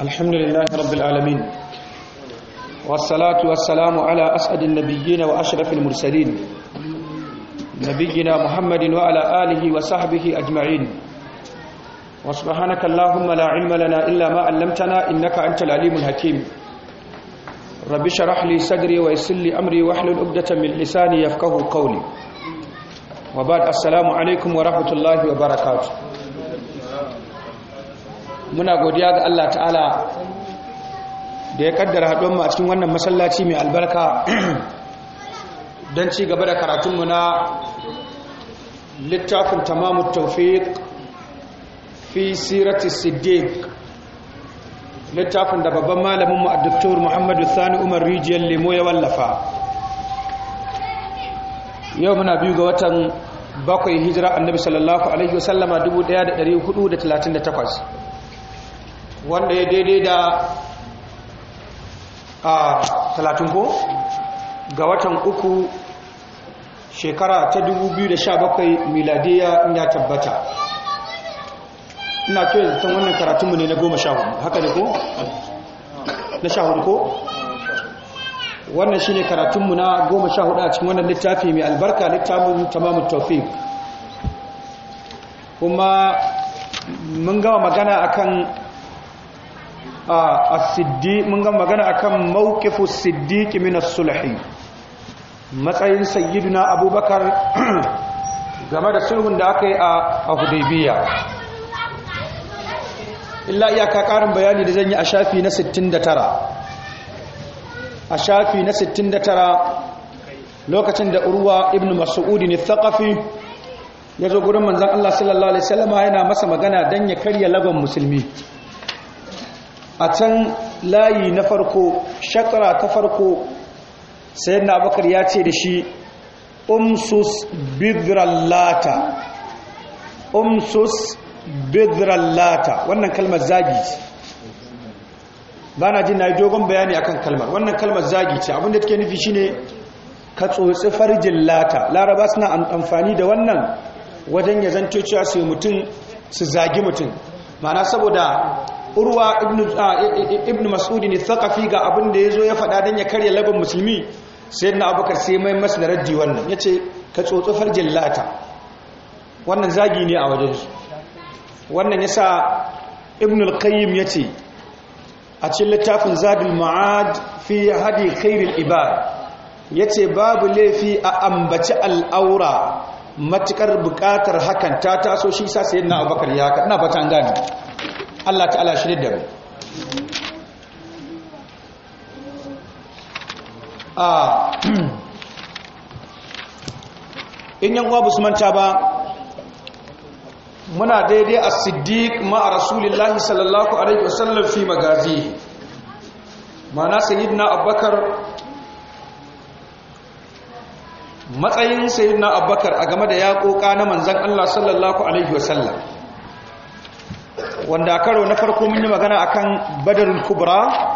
الحمد لله رب العالمين والصلاة والسلام على أسعد النبيين وأشرف المرسلين نبينا محمد وعلى آله وصحبه أجمعين وسبحانك اللهم لا علم لنا إلا ما علمتنا إنك أنت العليم الحكيم رب شرح لي صدري ويسر لي أمري واحلل عقدة من لساني يفقه قولي وبعد السلام عليكم ورحمة الله وبركاته muna godiya ga Allah ta'ala da ya kaddara haɗon mu a cikin wannan masallaci mai albarka don ci gaba da karatunmu na littafin tamamu taufiq fi sirati siddiq littafin da babban malaminmu a doktor muhammadu sani umar rijiyar lemo ya wallafa yau muna biyu ga watan bakwai hijira annabi sallallahu alaihi wasallama 1438 wanda ya daidai da a talatin ko ga watan uku shekara ta 2017 miladiya ya tabbata ina kyau zaton wannan karatunmu ne na goma sha hudu haka ne ko? na sha hudu ko? wannan shi ne karatunmu na goma sha hudu a cikin wannan littafi mai albarka littafin tamamun taufik kuma mun gama magana akan a siddi mun ga magana akan mawqifu siddiq min as-sulhi matsayin sayyidina abubakar game da sulhun da aka yi a hudaybiya illa iyaka karin bayani da zan yi a shafi na 69 a shafi na 69 lokacin da urwa ibn mas'ud ne thaqafi ya zo gurin manzon Allah sallallahu alaihi yana masa magana dan ya karya lagon musulmi a can layi na farko shakara ta farko sai na bakar ya ce da shi umsus bidrallata umsus bidrallata wannan kalmar zagi ce ba na jin na yi dogon bayani akan kalmar wannan kalmar zagi ce abinda take nufi shine ka tsotsi farjin lata laraba suna amfani da wannan wajen ya zanto cewa su mutum su zagi mutum ma'ana saboda urwa ah, ibn mas'ud ne thaqafi ga abin da ya zo ya faɗa dan ya karya labin musulmi sayyidina abubakar sai mai masu da raddi wannan Ya ce ka tsotso farjin lata wannan zagi ne a wajen su wannan sa ibn al ya ce, a cikin littafin zadul ma'ad fi hadi khairul ibad ce babu laifi a ambaci al'aura matukar bukatar hakan ta taso shi sa sayyidina abubakar ya ka ina fata an gane Allah ta'ala shirin da mu a ah, in yan su manta ba muna daidai a siddiq ma a rasulillahi sallallahu alaihi wasallam fi magazi mana sayyidina abubakar matsayin sayyidina abubakar a game da yaƙoƙa na manzan Allah sallallahu alaihi wasallam wanda karo na farko mun yi magana akan badarul kubra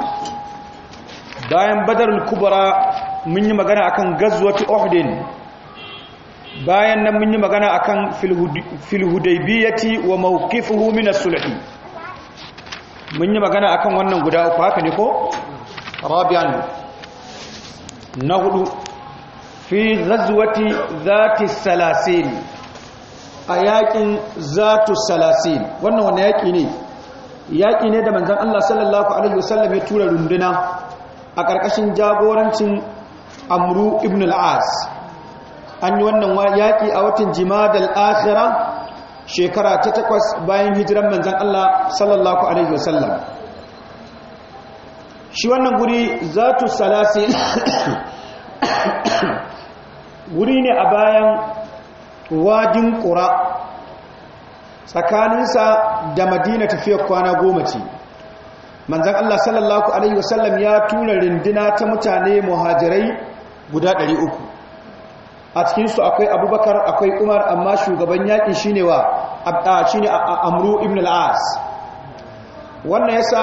bayan badarul kubra mun yi magana akan gazwati uhdin bayan nan mun yi magana akan hudaybiyati wa mawqifuhu min as sulh mun yi magana akan wannan guda uku haka ne ko rabian na hudu fi gazwati dhati salasin a yakin zatu salasin wannan wani yaki ne yaki ne da manzan Allah sallallahu alaihi wasallam ya tura runduna a ƙarƙashin jagorancin amru ibn al an yi wannan yaƙi a watan jimadal akhira shekara ta takwas bayan hijiran manzan Allah sallallahu alaihi wasallam shi wannan guri zatu salasin wuri ne a bayan wadin ƙura tsakaninsa da madina tafiyar kwana goma ce manzan allah sallallahu alaihi wasallam ya tura rindina ta mutane muhajirai guda 300 a cikinsu akwai abubakar akwai umar amma shugaban yaƙi ne wa a amuru ibn al'as wannan ya sa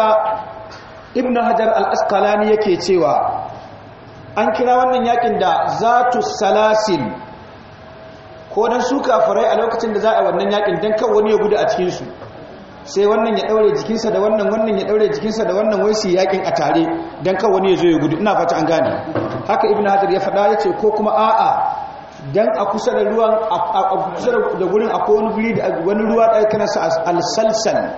ibn hajar al'askalani yake cewa an kira wannan yaƙin da zatu salasin ko dan su kafirai a lokacin da za a wannan yakin dan kawo wani ya gudu a cikin su sai wannan ya daure jikinsa da wannan wannan ya daure jikinsa da wannan wai su yakin a tare dan kawo wani ya zo ya gudu ina fata an gane haka ibnu hajar ya faɗa yace ko kuma a'a dan a kusa da ruwan a kusa da gurin akwai wani guri da wani ruwa da kana sa al-salsal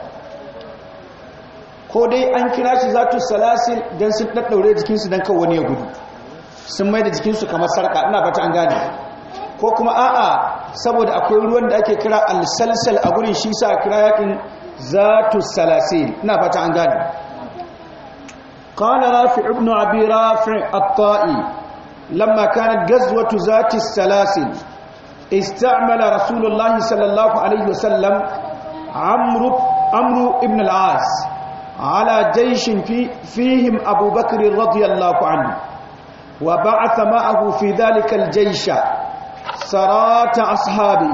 ko dai an kira shi zatu salasil dan sun daddaure jikinsu dan kawo wani ya gudu sun mai da jikinsu kamar sarka ina fata an gane ko kuma a'a saboda akwai ruwan da ake kira alsalsal a gurin shi sa kira yakin zatu salasil ina fata an gane qala rafi ibnu abi rafi at-ta'i lamma kanat gazwatu zati salasil istamala rasulullahi sallallahu alayhi wa sallam amru amru ibn al-as ala jayshin fi fihim abubakr radiyallahu anhu wa ba'atha ma'ahu fi dhalika al-jaysha سرات أصحابي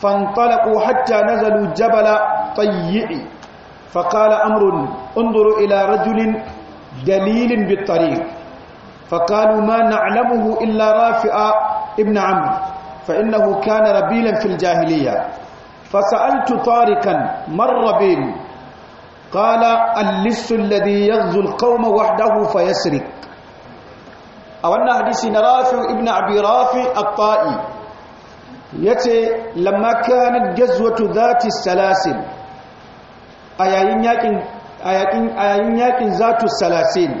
فانطلقوا حتى نزلوا جبل طيئي فقال أمر انظروا إلى رجل دليل بالطريق فقالوا ما نعلمه إلا رافع ابن عمرو فإنه كان ربيلا في الجاهلية فسألت طارقا من ربيل قال اللص الذي يغزو القوم وحده فيسرق a wannan hadisi na rafin ibn abi rafin at-ta'i yace lamma kanat gazwatu dhati salasil ayayin yakin ayakin ayayin yakin zatu salasil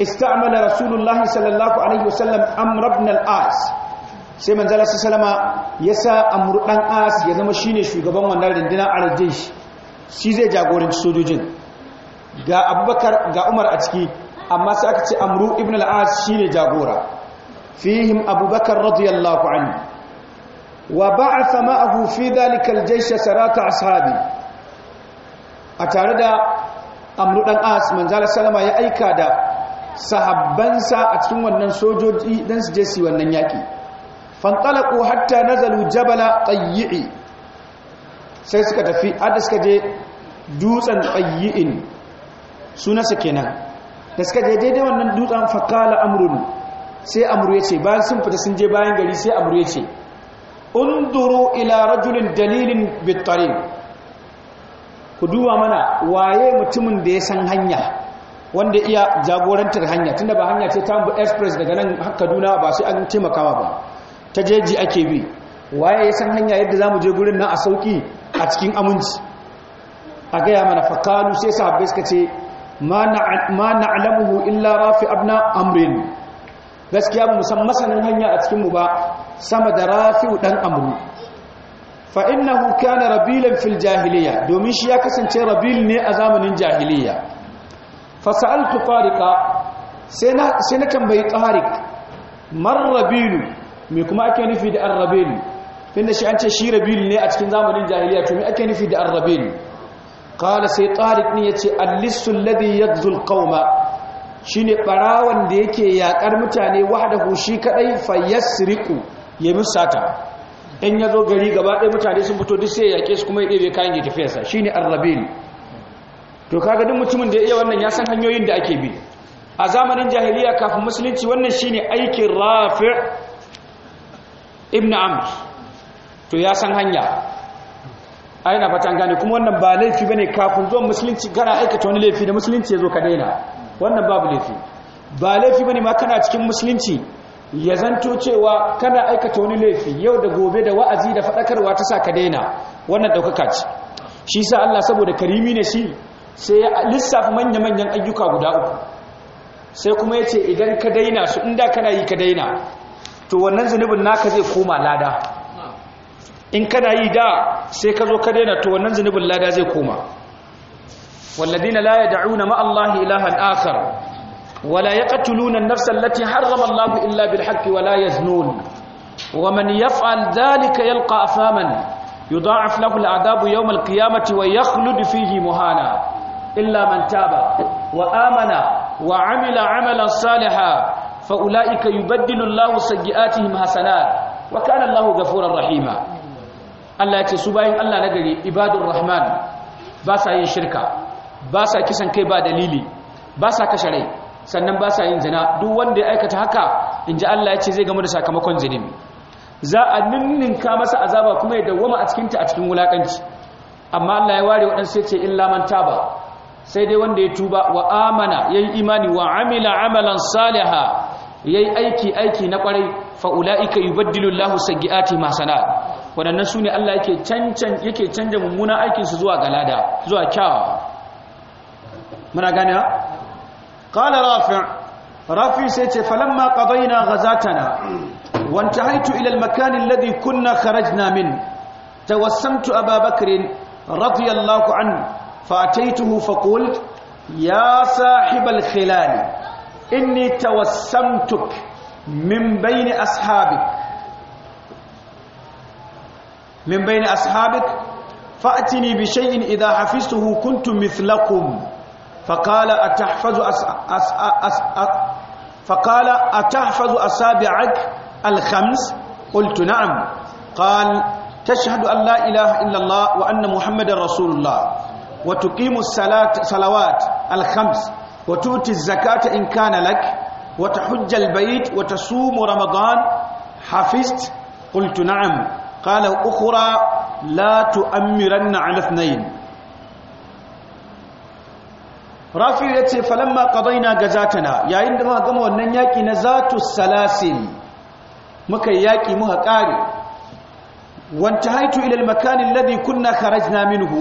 istamala rasulullahi sallallahu alaihi wasallam amr ibn al-as sai manzala sallama yasa amr dan as ya zama shine shugaban wannan rindina arjin shi shi zai jagoranci sojojin ga abubakar ga umar a ciki amma sai aka ce amru ibn al-as shine jagora fihim abubakar radiyallahu anhu wa ba'atha ma'ahu fi dhalika al-jaysh sarata ashabi a tare da amru dan as manzala sallama ya aika da sahabbansa a cikin wannan sojoji dan su je su wannan yaki fantalaqu hatta nazalu jabala tayyi sai suka tafi adda suka je dutsen tayyi'in sunansa kenan da suka je daidai wannan dutsen fakala amrun sai amru ya ce bayan sun fita sun je bayan gari sai amru ya ce unduru ila rajulin dalilin bittarin ku duba mana waye mutumin da ya san hanya wanda iya jagorantar hanya tunda ba hanya ce ta mu express daga nan har Kaduna ba sai an taimakawa ba ta jeji ake bi waye ya san hanya yadda zamu je gurin nan a sauki a cikin aminci a gaya mana fakalu sai sahabbai suka ce ma na'lamuhu illa rafi abna amrin gaskiya ba san masanin hanya a cikin mu ba sama da rafi'u dan amru fa innahu kana rabilan fil jahiliya domin shi ya kasance rabil ne a zamanin jahiliya fa sa'altu tariqa sai na sai na tambayi tariq mar rabilu me kuma ake nufi da ar-rabil tunda shi an ce shi rabil ne a cikin zamanin jahiliya to me ake nufi da ar-rabil qala sai tariq ne ce, allisu ladi ya Zulkauma, shi ne barawan da yake yakar mutane wahada hushi kadai fayasriqu ya musata in zo gari gaba ɗaya mutane sun fito duk sai yake su kuma ya ɗebe kayan ya tafiyarsa, shi ne ar to kaga duk mutumin da ya iya wannan ya san hanyoyin da ake bi a zamanin jahiliya kafin musulunci wannan shi ne aikin rafi' ibn amr to ya san hanya a yana gane kuma wannan ba laifi bane kafin zuwan musulunci gara aikata wani laifi da musulunci ya zo ka daina wannan babu laifi ba laifi bane ma kana cikin musulunci ya zanto cewa kana aikata wani laifi yau da gobe da wa'azi da faɗakarwa ta sa ka daina wannan ɗaukaka ce shi sa Allah saboda karimi ne shi sai ya lissafa manya-manyan ayyuka guda uku sai kuma ya ce idan ka daina su inda kana yi ka daina to wannan zunubin naka zai koma lada in kana yi da sai ka zo ka daina to wannan zunubin lada zai koma walladina la yad'una ma Allah ilahan akhar wala yaqtuluna an-nafsa allati harrama Allah illa bil haqqi wala yaznun wa man yaf'al dhalika yalqa afaman yudha'af lahu al-'adabu yawm al-qiyamati wa yakhlud fihi muhana illa man taba wa amana wa 'amila 'amalan salihan فأولئك يبدل الله سيئاتهم حسنات وكان wakanallahu غفورا rahima. Allah ya ce su bayan Allah na gari ibadun rahman ba sa yin shirka ba sa kisan kai ba dalili ba sa kashe rai sannan ba sa yin zina duk wanda ya aikata haka in ji Allah ya ce zai gama da sakamakon zinin za a ninninka masa azaba kuma ya dawwama a cikinta a cikin wulakanci amma Allah ya ware waɗansu ya ce in man taba sai dai wanda ya tuba wa amana ya yi imani wa amila amalan saliha ya yi aiki aiki na ƙwarai fa'ula'ika yi lahu sagi'ati masana waɗannan su ne Allah yake cancan canja mummunan aikinsu zuwa galada zuwa kyawa muna gane ha qala rafi' rafi sai ce falamma qadayna ghazatana wa intahaytu ila al na alladhi kunna na min tawassamtu aba bakr radiyallahu an فأتيته فقلت يا صاحب الخلال إني توسمتك من بين أصحابك من بين أصحابك فأتني بشيء إذا حفظته كنت مثلكم فقال أتحفظ أس أس أس أس فقال أتحفظ أصابعك الخمس قلت نعم قال تشهد أن لا إله إلا الله وأن محمد رسول الله وتقيم الصلاة صلوات الخمس وتؤتي الزكاة إن كان لك وتحج البيت وتصوم رمضان حفظت قلت نعم qala ukhra la tu'ammiranna 'ala ithnayn rafi yace falamma qadaina gazatana yayin da muka gama wannan yaki na zatu salasil muka yaki muka kare wantahaitu ila al-makan alladhi kunna kharajna minhu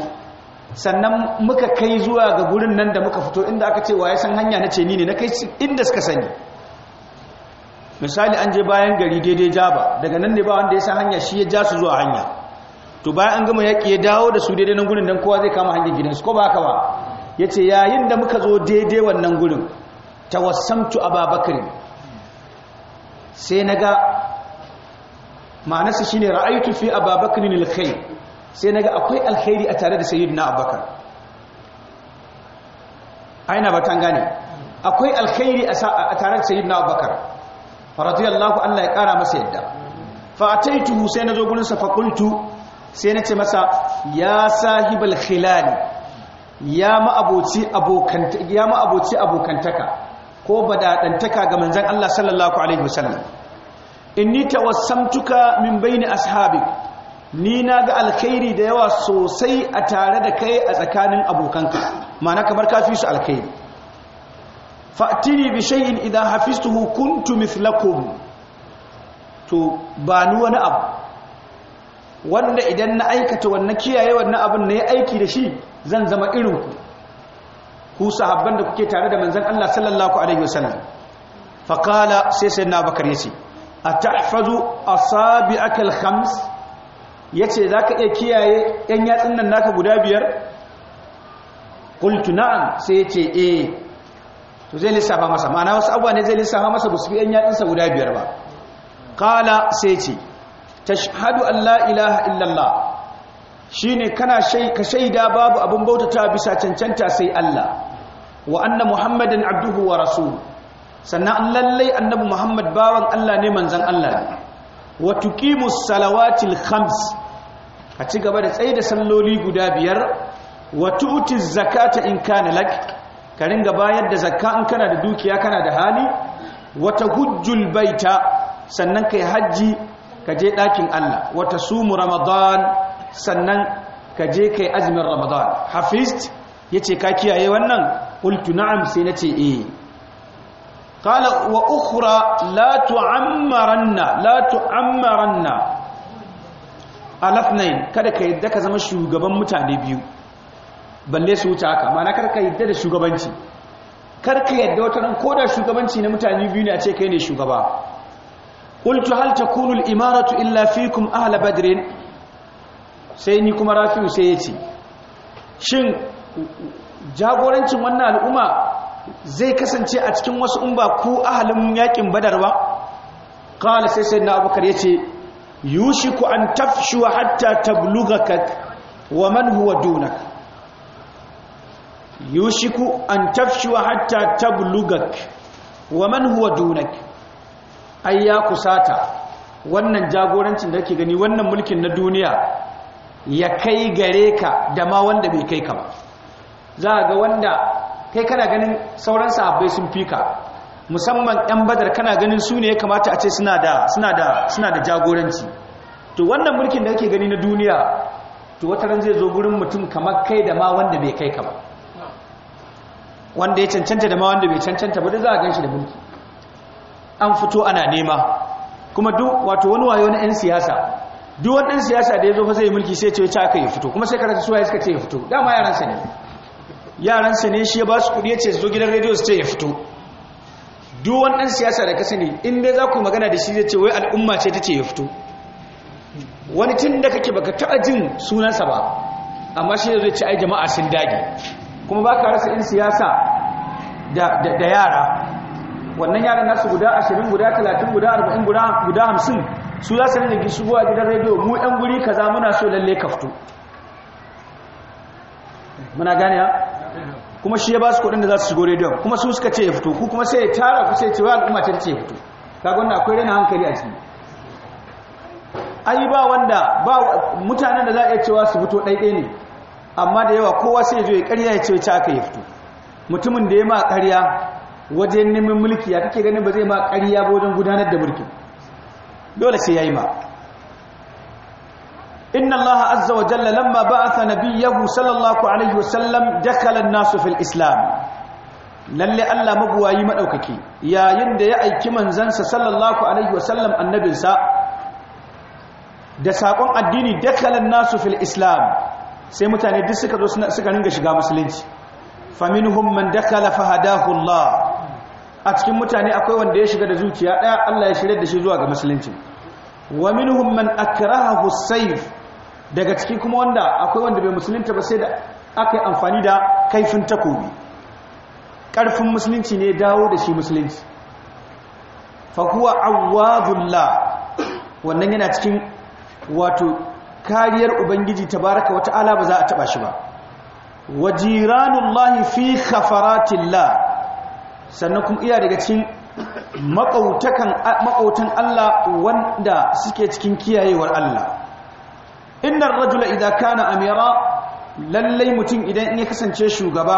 sannan muka kai zuwa ga gurin nan da muka fito inda aka ce waye san hanya na ce ni ne na kai inda suka sani misali an je bayan gari daidai jaba daga nan ne ba wanda ya san hanya shi ya ja su zuwa hanya to bayan an gama yaƙi ya dawo da su daidai nan gurin don kowa zai kama hanyar su ko ba haka ba ya ce yayin da muka zo daidai wannan gudun ta gurin a ababakar sai na ga ma'anarsa shi ne ra'aitu fi ababakar na alkhair sai na ga akwai alkhairi a tare da na abubakar aina ba akwai alkhairi a tare da na abubakar radiyallahu Allah ya kara masa yadda fa ataitu sai zo gurin sa fa qultu sai nace masa ya sahibal khilali ya ma'aboci ya abokantaka ko badadantaka ga manzon Allah sallallahu alaihi wasallam inni tawassamtuka min baini ashabi ni na ga alkhairi da yawa sosai a tare da kai a tsakanin abokanka ma'ana kamar ka fi su alkhairi fa'tini bi shay'in idan hafistu hukuntu mithlakum to ba ni wani abu wanda idan na aikata wannan kiyaye wannan abin na ya aiki da shi zan zama irin ku ku sahabban da kuke tare da manzan Allah sallallahu alaihi wasallam Faƙala sai sayyidina bakar yace atahfazu asabi'aka al-khams yace zaka iya kiyaye yan yatsun nan naka guda biyar qultu na'am sai yace eh to zai lissafa masa ma'ana wasu abuwa ne zai lissafa masa ba su fi yan yatsunsa guda biyar ba kala sai ce tashhadu shahadu Allah ilaha illallah shine kana ka shaida babu abin bautata bisa cancanta sai Allah wa anna muhammadan abduhu wa rasu sannan lallai annabi muhammad bawan Allah ne manzan Allah wa tuqimus salawatil khams a ci gaba da tsaye da salloli guda biyar wa tuti zakata in kana lak ka ringa bayar da zakka in kana da dukiya kana da hali wata hujjul baita sannan kai hajji ka je ɗakin Allah wata sumu ramadan sannan ka je kai azumin ramadan hafiz yace ka kiyaye wannan qultu na'am sai nace eh qala wa ukhra la tu'ammaranna la tu'ammaranna alafnain kada ka yadda ka zama shugaban mutane biyu balle su wuce haka mana karka yadda da shugabanci karka yadda wata nan ko da shugabanci na mutane biyu ne a ce kai ne shugaba qultu halta kunul imaratu illa fikum ahla badrin sai ni kuma rafi'u sai ce. shin jagorancin wannan al'umma zai kasance a cikin wasu umba ku ahalin yakin badar ba qala sai sayyidina abubakar yace yushiku an tafshu hatta ka wa man huwa dunaka yushiku an tafshuwa hatta tablugak wa man huwa dunak ay ya kusata wannan jagorancin da kake gani wannan mulkin na duniya ya kai gare ka da ma wanda bai kai ka ba za ga wanda kai kana ganin sauran sahabbai sun fika musamman yan badar kana ganin su ne ya kamata a ce suna da suna da suna da jagoranci to wannan mulkin da kake gani na duniya to wata ran zai zo gurin mutum kamar kai da ma wanda bai kai ka ba wanda ya cancanta da ma wanda bai cancanta ba da za a gan da mulki an fito ana nema kuma duk wato wani wayo na 'yan siyasa duk wani ɗan siyasa da ya zo fa zai mulki sai ce ya aka ya fito kuma sai suwa ya suka ce ya fito dama yaransa ne yaransa ne shi ya ba su kuɗi ya ce zo gidan rediyo su ce ya fito duk wani ɗan siyasa da ka sani in dai za ku magana da shi zai ce wai al'umma ce ta ce ya fito wani tun da kake baka taɓa jin sunansa ba amma shi zai ce ai jama'a sun dage kuma ba ka rasa 'yan siyasa da yara wannan yaran nasu guda 20 guda 30 guda 40 guda 50 su za su rinjin buwa gidan rediyo mu 'yan guri kaza muna so lalle kaftu muna gane kuma shi ya ba su kudin da za su shigo rediyon kuma su suka ce ya fito ku kuma sai ya tara ku sai cewa al'umma ta ce ya fito ka wannan akwai rena hankali a ciki ai ba wanda ba mutanen da za a iya cewa su fito ɗaiɗai ne amma da yawa kowa sai zo ya ƙarya ya ce ta aka ya fito mutumin da ya ma ƙarya wajen neman mulki ya kake ganin ba zai ma ƙarya ba wajen gudanar da mulki dole sai ya yi ma inna allaha azza wa jalla lamma ba'atha nabiyyahu sallallahu alaihi sallam dakala an-nasu fil islam lalle Allah mabuwayi madaukaki yayin da ya aiki manzansa sallallahu alaihi sallam annabinsa da sakon addini dakalan nasu fil islam sai mutane duk suka zo suka ringa shiga musulunci faminhum man dakala fahadahu Allah a cikin mutane akwai wanda ya shiga da zuciya daya Allah ya shirye da shi zuwa ga musulunci wa minhum man akrahahu sayf daga ciki kuma wanda akwai wanda bai musulunta ba sai da aka yi amfani da kaifin takobi karfin musulunci ne dawo da shi musulunci fa huwa awwadullah wannan yana cikin wato kariyar ubangiji tabaraka wata ala ba za a taba shi ba wajiranullahi jiranullahi fi khafaratillah sannan kuma iya daga cikin maƙautakan maƙautan Allah wanda suke cikin kiyayewar Allah innar rajula idza kana amira lallai mutum idan ya kasance shugaba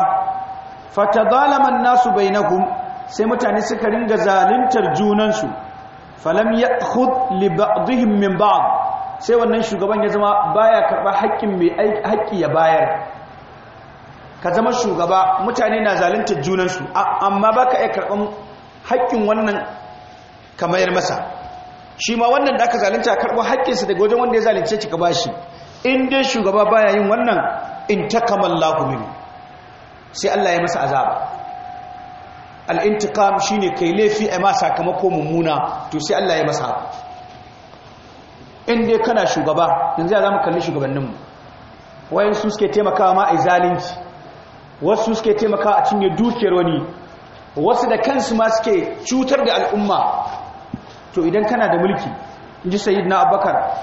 fatadalama an-nasu bainahum sai mutane suka ringa zaluntar junansu falam ya'khudh li ba'dihim min ba'd sai wannan shugaban ya zama baya karɓar haƙƙin mai haƙƙi ya bayar ka zama shugaba mutane na zalinta junansu amma ba ka iya karɓar haƙƙin wannan mayar masa shi ma wannan da aka zalunta karɓar haƙƙinsa daga wajen wanda ya zalunce cika ba shi in shugaba baya yin wannan in ta kamar minu sai Allah ya masa azaba al'intikam shi ne kai laifi a ma sakamako mummuna to sai Allah ya masa in dai kana shugaba yanzu ya zamu kalli shugabanninmu wayan su suke taimakawa ma a zalunci wasu suke taimakawa a cinye dukiyar wani wasu da kansu ma suke cutar da al'umma to idan kana da mulki in ji na abubakar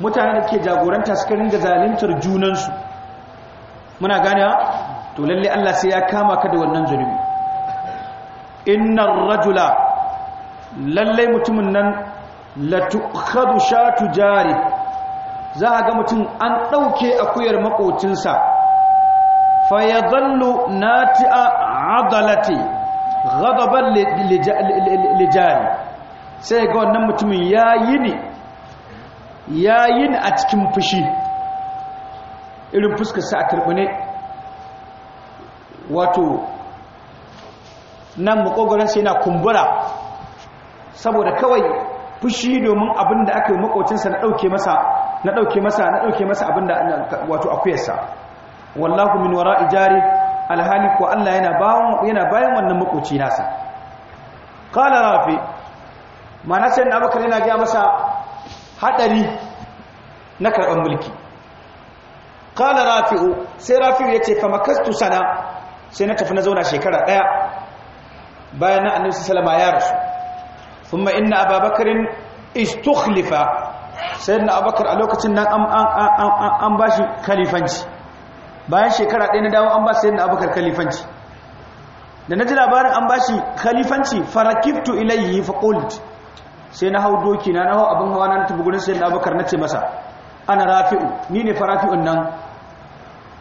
mutane da ke jagoranta suka ringa zaluntar junansu muna gane to lalle Allah sai ya kama ka da wannan zunubi innan rajula lalle mutumin nan latukhadu shatu jari za a ga mutum an ɗauke akuyar maƙocinsa fayadallu nati'a adalati ghadaban lijari sai ga wannan mutumin ya yi ne a cikin fushi irin fuskarsa a karbune wato nan sai yana kumbura saboda kawai fushi domin abin da aka yi makocinsa na ɗauke masa na ɗauke masa na ɗauke masa abin da wato akuyarsa wallahu min wara ijari alhali ko Allah yana bayan bayan wannan makoci nasa qala rafi mana sai Abubakar yana ga masa haɗari na karban mulki qala rafi'u sai rafi'u yace fa makastu sana sai na tafi na zauna shekara ɗaya, bayan annabi sallallahu alaihi wasallam ya rasu thumma inna ababakarin istukhlifa sayyidina abubakar a lokacin nan an an an bashi khalifanci bayan shekara ɗaya na dawo an ba sayyidina abubakar khalifanci da na ji labarin an bashi khalifanci farakiftu ilayhi fa sai na hau doki na na hau abin hawa na tafi gurin sayyidina abubakar nace masa ana rafi'u ni ne farafi'un nan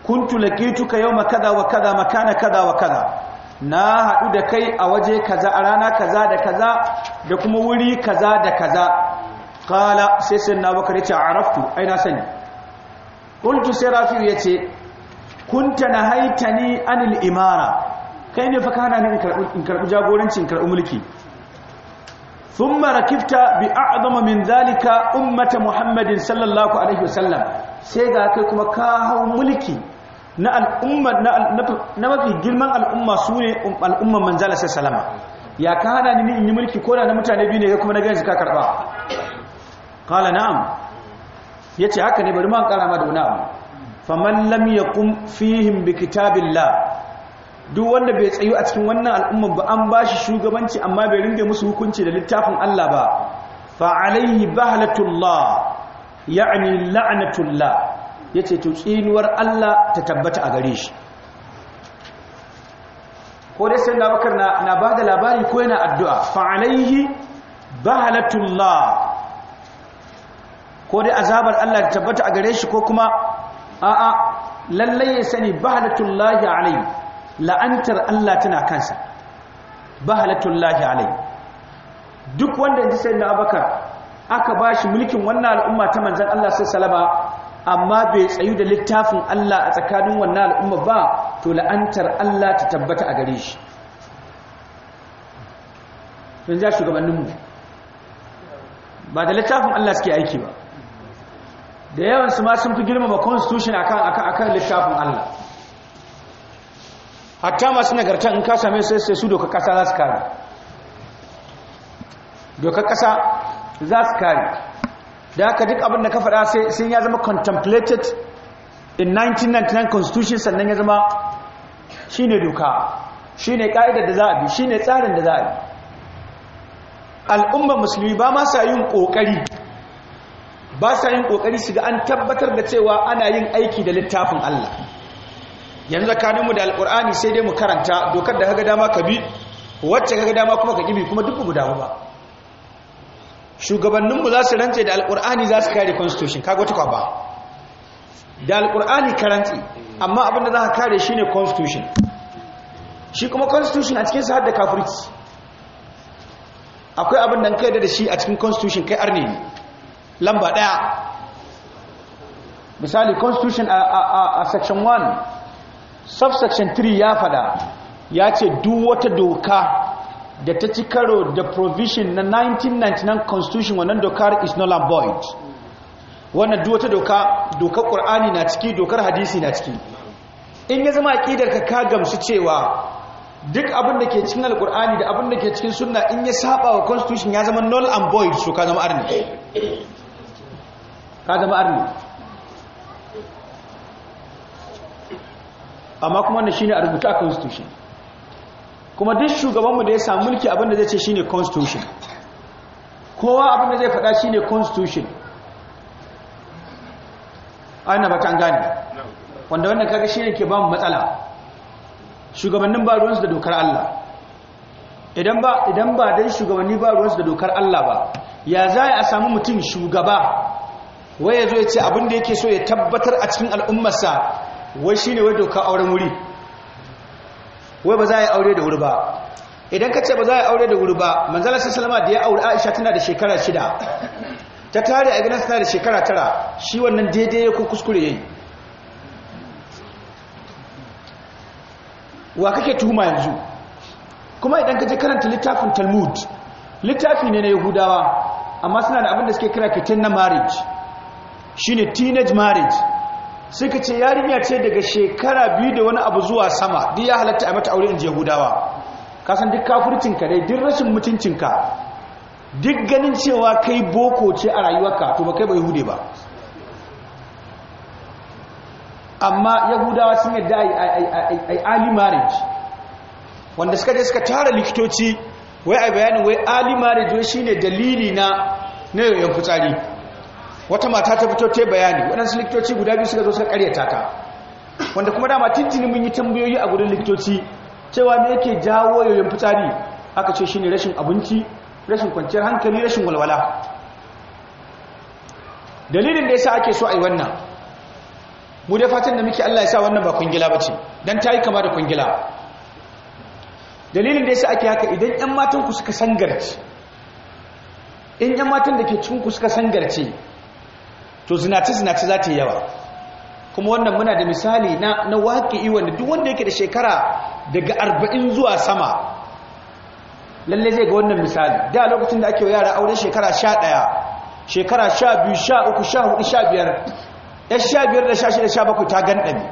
kuntu laqituka yawma kaza wa kaza makana kaza wa kaza na haɗu da kai a waje kaza a rana kaza da kaza da kuma wuri kaza da kaza kala sai sai na bakar yace araftu ai na sani qultu sai rafi'u yace kunta na ni anil imara kai ne fa hana ni in karbi jagorancin karɓi mulki thumma rakibta bi a'zama min zalika ummata muhammadin sallallahu alaihi wasallam sai ga kai kuma ka hau mulki na al'umma na mafi girman al'umma su ne um, al'umman manzala sai salama ya ka hana ni in yi mulki ko da na mutane biyu ne kuma na gaji ka karba kala na'am ya ce haka ne bari ma kara ma da wani abu faman lam yaqum fihim bi kitabillah duk wanda bai tsayu a cikin wannan al'umma ba an bashi shugabanci amma bai ringe musu hukunci da littafin Allah ba fa alaihi bahlatullah ya'ni la'natullah ya ce to tsinuwar Allah ta tabbata a gare shi ko dai sai Abubakar na ba bada labari ko yana addu'a fa alaihi bahalatullah ko dai azabar Allah ta tabbata a gare shi ko kuma a'a lallai ya sani bahalatullahi alaihi la'antar Allah tana kansa bahalatullahi alaihi duk wanda ji sai bakar aka bashi mulkin wannan al'umma ta manzan Allah sallallahu alaihi amma bai tsayu da littafin Allah a tsakanin wannan al'umma ba to la'antar Allah ta tabbata a gare shi sun ja shugabanninmu ba da littafin Allah suke aiki ba da yawan su ma sun fi girmama constitution akan akan littafin Allah hatta masu nagarta in ka same su sai su doka kasa za su kare doka kasa za su kare da aka duk abin da ka faɗa sai ya zama contemplated in 1999 constitution sannan ya zama Shi ne doka ne ka'idar da za a bi ne tsarin da za a bi al'ummar musulmi ba ma sa yin kokari ba sa yin kokari ga an tabbatar da cewa ana yin aiki da littafin Allah yanzu mu da alkur'ani sai dai mu karanta dokar da kaga dama ka bi wacce kaga dama kuma ka kibi kuma duk mu dawo ba shugabanninmu za su rantse da alkur'ani za su kare constitution kaga wata kwaba da alkur'ani karanti. amma abin da za ka kare ne constitution shi kuma constitution a cikin sa da kafirci akwai abin da kai da shi a cikin constitution kai arne ne lamba daya misali constitution a section 1 subsection 3 ya fada ya ce duk wata doka da ta ci karo da provision na 1999 constitution wannan dokar is null and void wannan duwata doka dokar ƙur'ani na ciki dokar hadisi na ciki in ya zama ƙidar ka ka gamsu cewa duk abin da ke cikin alƙur'ani da abin da ke cikin suna in ya saba wa constitution ya zama null and void so ka zama arni ka zama arni amma kuma wannan shine a rubuta constitution kuma duk shugabanmu da ya samu mulki abinda zai ce shine constitution kowa abinda zai faɗa shine constitution ana ba an gane wanda wannan kaga shine ke bamu matsala shugabannin ba ruwansu da dokar Allah idan ba idan ba dai shugabanni ba ruwansu da dokar Allah ba ya za a samu mutum shugaba wai ya zo ya ce abinda yake so ya tabbatar a cikin al'ummarsa wai shine wai dokar auren wuri wai ba za a yi aure da wuri ba idan ka ce ba za a yi aure da wuri ba manzala sun salama da ya aure aisha tana da shekara shida ta tare a gidansa tana da shekara tara shi wannan daidai ya ko kuskure yi wa kake tuhuma yanzu kuma idan ka je karanta littafin talmud littafi ne na yahudawa amma suna da abin da suke kira kitin na marriage shine teenage marriage suka ce yarinya ce daga shekara biyu da wani abu zuwa sama duk ya halatta a mata aure in yahudawa ka san duk kafircinka dai duk rashin mutuncinka duk ganin cewa kai boko ce a rayuwarka to ba kai ba yahude ba amma yahudawa sun yadda a ali marriage wanda suka je suka tara likitoci wai a bayanin wai ali marriage wai shine dalili na na yoyon fitsari wata mata ta fito ta bayani waɗansu likitoci guda biyu suka zo suka karyata ta wanda kuma dama tintini mun yi tambayoyi a gudun likitoci cewa me yake jawo yoyon fitsari aka ce shine rashin abinci rashin kwanciyar hankali rashin walwala dalilin da yasa ake so a yi wannan mu da fatan da muke Allah ya sa wannan ba kungila bace dan tayi kama da kungila dalilin da yasa ake haka idan ƴan matan ku suka sangarce in ƴan matan da ke cikin ku suka sangarce to zinace-zinace za ta yi yawa kuma wannan muna da misali na waƙi'i da duk wanda yake da shekara daga arba'in zuwa sama lallai zai ga wannan misali da lokacin da ake wa yara aure shekara sha ɗaya shekara sha biyu sha uku sha hudu sha biyar ya sha biyar da sha shida sha bakwai ta gan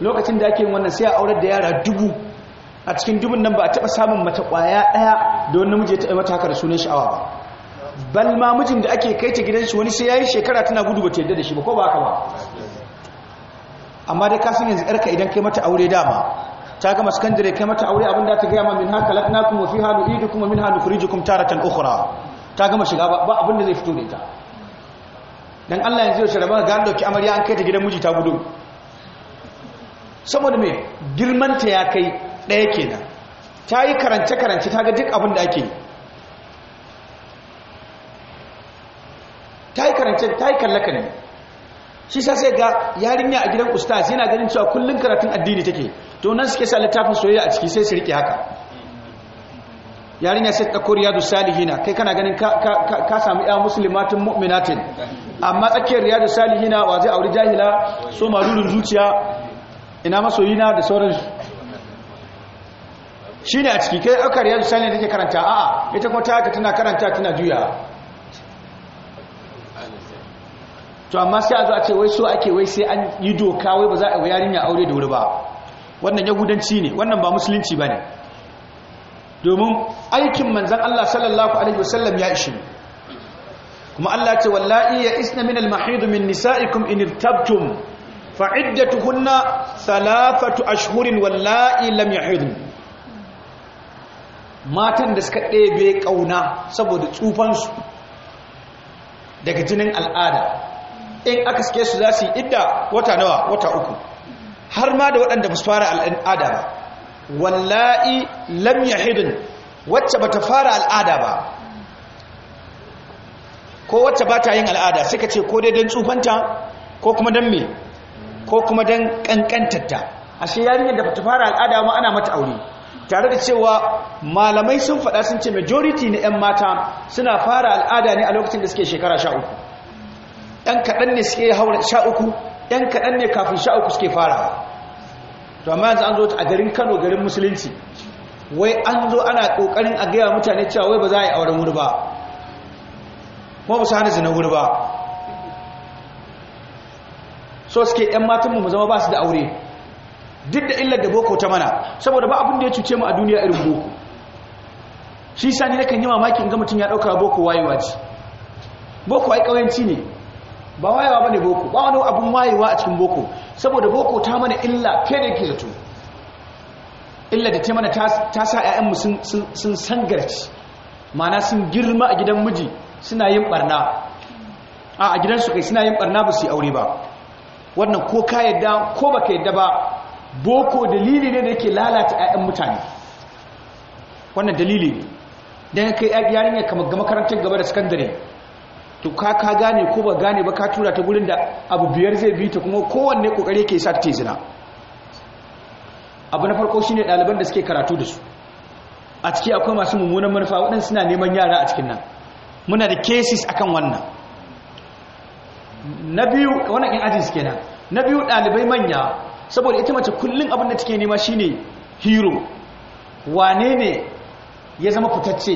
lokacin da ake wannan sai a aurar da yara dubu a cikin dubun nan ba a taɓa samun mata ƙwaya ɗaya da wani namiji ya taɓa mata haka da sunan sha'awa ba bal ma mijin da ake kai ta gidan shi wani sai yayi shekara tana gudu bata yadda da shi ba ko ba haka ba amma dai ka san yanzu yarka idan kai mata aure dama ta gama sakandare kai mata aure abin da ta gaya ma min haka laknakum wa fiha nu'idukum wa minha nukhrijukum taratan ukhra ta gama shiga ba abin da zai fito da ita dan Allah yanzu yaushe rabon ga an dauki amarya an kai ta gidan miji ta gudu saboda me girman ta ya kai daya kenan ta yi karance karance ta ga duk abin da ake yi wacce ta yi kallaka ne shi sa sai ga yarinya a gidan ustaz yana ganin cewa kullum karatun addini take to nan suke sa littafin soyayya a ciki sai su rike haka yarinya sai ta riyadu da salihina kai kana ganin ka samu ya musulmatin mu'minatin amma tsakiyar riyadu salihina wa zai auri jahila so marurin zuciya ina masoyina da sauran shi ne a ciki kai aka riyadu salihina take karanta a'a ita kuma ta haka tana karanta tana juyawa to amma sai a zo a ce wai so ake wai sai an yi doka wai ba za a yi yarinya aure da wuri ba wannan yahudanci ne wannan ba musulunci ba ne domin aikin manzan Allah sallallahu alaihi wasallam ya ishi kuma Allah ce wallahi ya isna min al min nisa'ikum in irtabtum fa iddatuhunna thalathatu ashhurin wallahi lam yahidun matan da suka ɗebe ƙauna saboda tsufansu daga jinin al'ada in aka sake su za su yi idda wata nawa wata uku har ma da waɗanda ba su fara al'ada ba wallahi lam hidin wacce ba ta fara al'ada ba ko wacce ba ta yin al'ada suka ce ko dai don tsufanta ko kuma don me ko kuma don kankantarta ashe yarinyar da ta fara al'ada ma ana mata aure tare da cewa malamai sun faɗa sun ce majority na 'yan mata suna fara al'ada ne a lokacin da suke shekara sha uku ɗan kaɗan ne suke haura sha uku ɗan kaɗan ne kafin sha uku suke fara to amma yanzu an zo a garin kano garin musulunci wai an zo ana ƙoƙarin a gaya mutane cewa wai ba za a yi auren wuri ba kuma ba su hana zina wuri ba so suke ‘yan matanmu mu zama ba su da aure duk da illar da boko ta mana saboda ba abin da ya cuce mu a duniya irin boko shi sani na kan yi mamakin ga mutum ya ɗauka boko wayewa ce boko ai ƙauyenci ne ba wayewa bane boko ba wani abun wayewa a cikin boko saboda boko ta mana illa ke da yake zato illa da ta mana ta sa mu sun sun sangarci ma'ana sun girma a gidan miji suna yin barna a a gidansu kai suna yin barna ba su yi aure ba wannan ko ka yadda ko baka yadda ba boko dalili ne da yake lalata 'ya'yan mutane wannan dalili ne ya kai yarinya kamar ga makarantar gaba da sakandare to ka ka gane ko ba gane ba ka tura ta gurin da abu biyar zai bi ta kuma kowanne kokari ke sa ta zina abu na farko shine daliban da suke karatu da su a ciki akwai masu mummunan manufa waɗansu suna neman yara a cikin nan muna da cases akan wannan na biyu wannan in ajin suke nan na biyu ɗalibai manya saboda ita mace kullum abin da take nema shine hero wane ne ya zama fitacce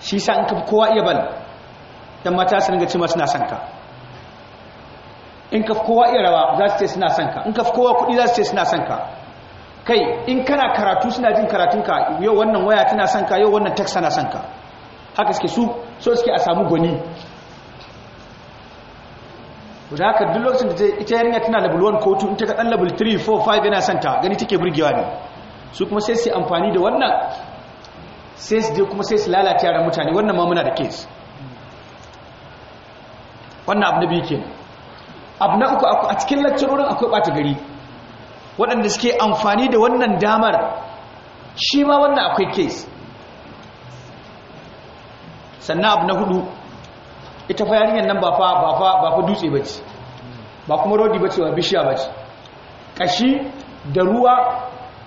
shi sa in kowa iya bal don mata su ringa cewa suna son ka in ka kowa iya rawa za su ce suna son ka in ka kowa kuɗi za su ce suna son ka kai in kana karatu suna jin karatunka yau wannan waya tana son ka yau wannan text tana son ka haka suke su so suke a samu gwani da haka duk lokacin da ita yarinya tana level 1 ko 2 in ta ka dan level 3 4 5 yana son ta gani take burgewa ne su kuma sai su amfani da wannan sai su je kuma sai su lalata yaran mutane wannan ma muna da case wannan abu na biyu kenan abu na uku a cikin lakcarorin akwai ɓata gari waɗanda suke amfani da wannan damar shi ma wannan akwai kes sannan abu na hudu ita fa yarinyar nan ba fa ba fa ba fa dutse ba kuma rodi bace ba bishiya bace ƙashi da ruwa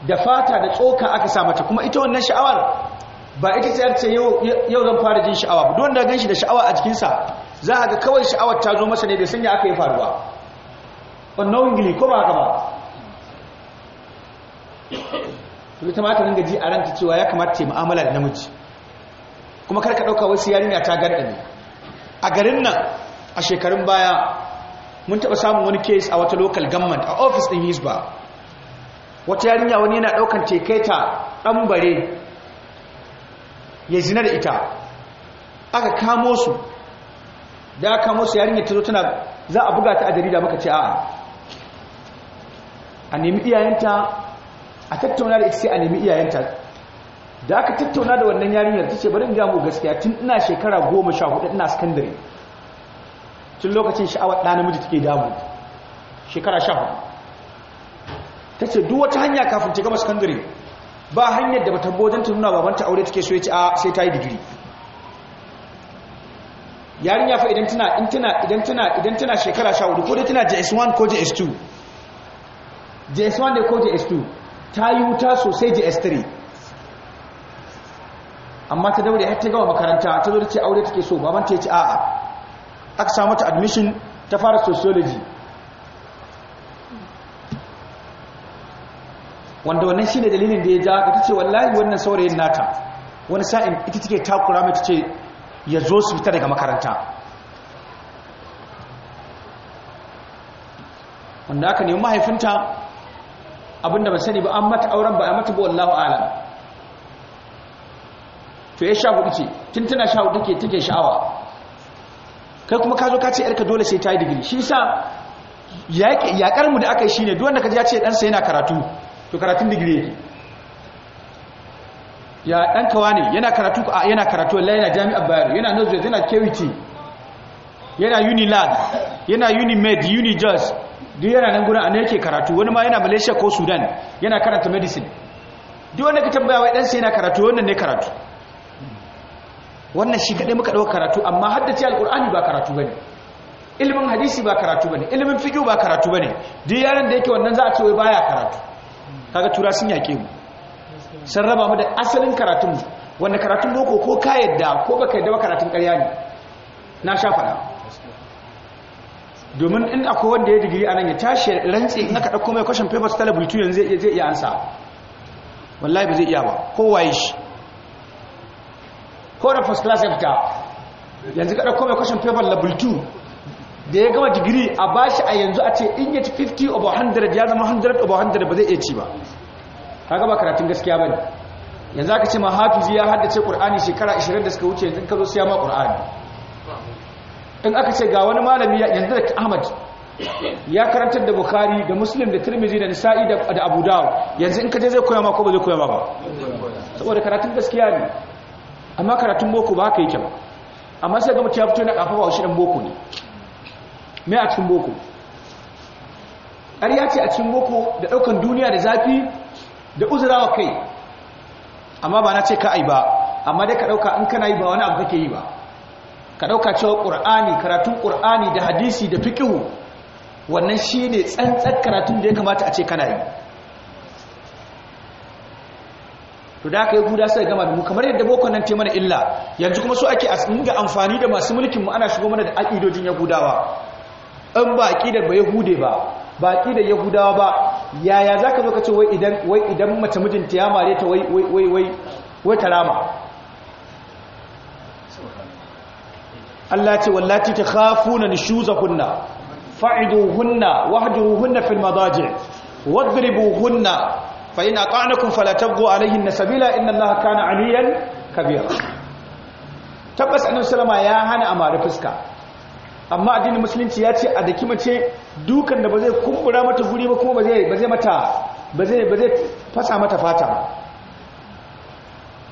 da fata da tsoka aka sa kuma ita wannan sha'awar ba ita ce yau zan fara jin sha'awa ba don da ganshi da sha'awa a jikinsa za a ga kawai sha'awar ta zo masa ne bai sanya aka yi faruwa unknowingly ko ba haka ba su ita ma ta ringa ji a ranta cewa ya kamata ta ma'amala da namiji kuma karka ka dauka wasu yarinya ta garɗa ne a garin nan a shekarun baya mun taɓa samun wani case a wata local government a office ɗin Hisba wata yarinya wani yana daukan tekaita dan bare ya zina da ita aka kamo su da aka musu yarinya ta zo tana za a buga ta a jarida maka ce a'a a nemi iyayenta a tattauna da ita a nemi iyayenta da aka tattauna da wannan yarinyar ta ce bari in ga mu gaskiya tun ina shekara goma sha hudu ina sakandare tun lokacin sha'awar ɗa namiji take damu shekara sha hudu ta ce duk wata hanya kafin ta gama sakandare ba hanyar da bata bodanta nuna babanta aure take so ya ce a sai ta yi digiri yarinya fa idan tana in tana idan tana idan tana shekara 14 ko dai tana JS1 ko JS2 JS1 da ko JS2 ta yi wuta sosai JS3 amma ta daure har ta gama makaranta ta zo ta ce aure take so baban ta ya ce a'a aka samu ta admission ta fara sociology wanda wannan shine dalilin da ya ja ka ce wallahi wannan saurayin nata wani sa'in ita take takura mai tace ce ya zo su fita daga makaranta wanda aka nemi mahaifinta abinda ba sani ba an mata auren ba a mata ba wallahu alam to ya sha hudu ce tun tana sha hudu ke take sha'awa kai kuma ka zo ka ce yarka dole sai ta yi digiri shi sa yaƙar mu da aka yi shi ne wanda ka ji ya ce ɗansa yana karatu to karatun digiri yake ya ɗan kawa ne yana karatu yana karatu wallahi yana jami'ar bayero yana nozwe yana kewiti yana unilad yana unimed unijos duk yana nan a ana yake karatu wani ma yana malaysia ko sudan yana karanta medicine duk wanda ka tambaya wai ɗansa yana karatu wannan ne karatu wannan shi kaɗai muka ɗauka karatu amma haddace alƙur'ani ba karatu ba ne ilimin hadisi ba karatu ba ne ilimin fiƙo ba karatu ba ne duk yaran da yake wannan za a ce wai baya karatu kaga tura sun yaƙe mu sun raba mu da asalin karatun wanda karatun boko ko ka yadda ko baka yadda ba karatun ƙarya ne na sha faɗa domin in akwai wanda ya digiri anan ya tashi rantsi in aka ɗauko mai kwashin papers talabul tuyon zai iya ansa wallahi ba zai iya ba ko waye shi ko da first class ya fita yanzu ka ɗauko mai kwashin paper labul 2 da ya gama digiri a bashi a yanzu a ce in ya 50 over 100 ya zama 100 over 100 ba zai iya ci ba kaga ba karatun gaskiya bane yanzu aka ce ma ya haddace qur'ani shekara 20 da suka wuce yanzu ka zo siya ma qur'ani in aka ce ga wani malami yanzu da Ahmad ya karantar da Bukhari da Muslim da Tirmidhi da Nisa'i da Abu Dawud yanzu in ka je zai koya ma ko ba zai koya ma ba saboda karatun gaskiya ne amma karatun boko ba ka yake ba amma sai ga mutum ya fito na ba shi dan boko ne me a cikin boko ƙarya ce a cikin boko da ɗaukan duniya da zafi da uzurawa kai amma ba na ce ka ai ba amma dai ka ɗauka in kana yi ba wani abu kake yi ba ka ɗauka cewa ƙur'ani, karatun ƙur'ani, da hadisi da fiqh wannan shi ne tsantsar karatun da ya kamata a ce kana yi to da aka yi guda sai gama da mu kamar yadda boko nan te mana illa yanzu kuma so ake ga amfani da masu mulkin mu ana shigo mana da aƙidojin yahudawa in ba aƙidar ba yahude ba baki da yahudawa ba yaya za ka zo ka ce wai idan mace mijinta ya mare ta wai tarama Allah ce wallaci ta khafuna nishuzahunna fa'iduhunna wahjuruhunna fil madaji wadribuhunna fa in ata'nakum fala tabghu alayhinna sabila inna Allaha kana aliyan kabira tabbas annabi sallama ya hana amare fuska amma addinin musulunci ya ce a daki mace dukan da ba zai kumbura mata guri ba kuma ba zai mata ba zai fasa mata fata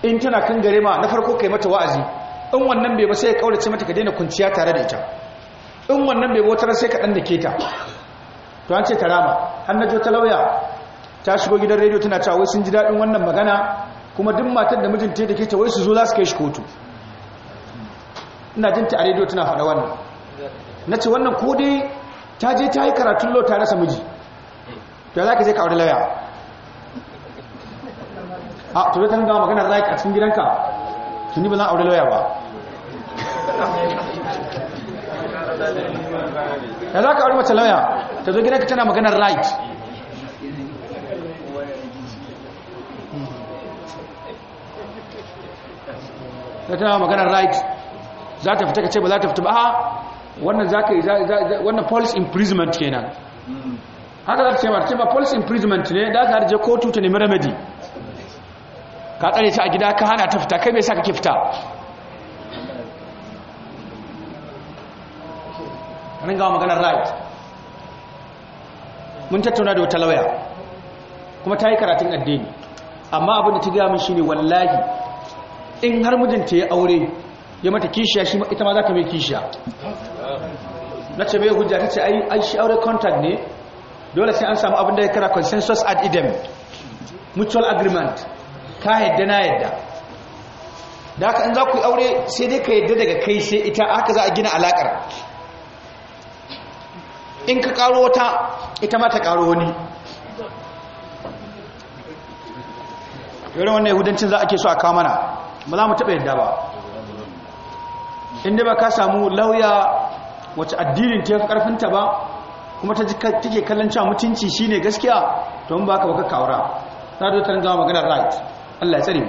in tana kan gare ma na farko kai mata wa'azi in wannan bai ba sai ya kaurace mata ka daina kunciya tare da ita in wannan bai bautar sai ka dan dake ta to an ce ta har na jo ta lauya ta shigo gidan rediyo tana cewa wai sun ji daɗin wannan magana kuma duk matar da mijinta da ke ta wai su zo za su kai shi kotu ina jinta a rediyo tana faɗa wannan na ce wannan ko ta je ta yi karatun lota ta rasa miji za ka je ka aure laya a ah, to zai ta gama magana za a cikin gidanka tuni ba za wuri laya ba ya za ka wuri mace laya ta zo gidanka tana maganar right ta tana maganar right za ta fita ka ce ba za ta fita ba wannan za ka yi wannan police imprisonment kenan haka za ta ce ma ce ba police imprisonment ne da ka je kotu ta nemi remedy ka tsare ta a gida ka hana ta fita kai mai sa ke fita ran gawa maganar right mun tattauna da wata lauya kuma ta yi karatun addini amma abin da ta gaya min ne wallahi in har mijinta ya aure ya mata kishiya shi ita ma za ka mai kishiya na ce mai hujja ta ce ai shi aure contact ne dole sai an samu abin da ya kara consensus ad idem mutual agreement ka yadda na yadda da haka in za ku yi aure sai dai ka yadda daga kai sai ita haka za a gina alakar in ka karo wata ita ma ta karo wani yawon wannan yahudancin za a ke so a kamana ba za mu taɓa yadda ba inda ba ka samu lauya wacce addinin ta karfinta ba kuma ta take kallon cewa mutunci shine gaskiya to in baka baka kawara ta zo ta gama magana right Allah ya tsare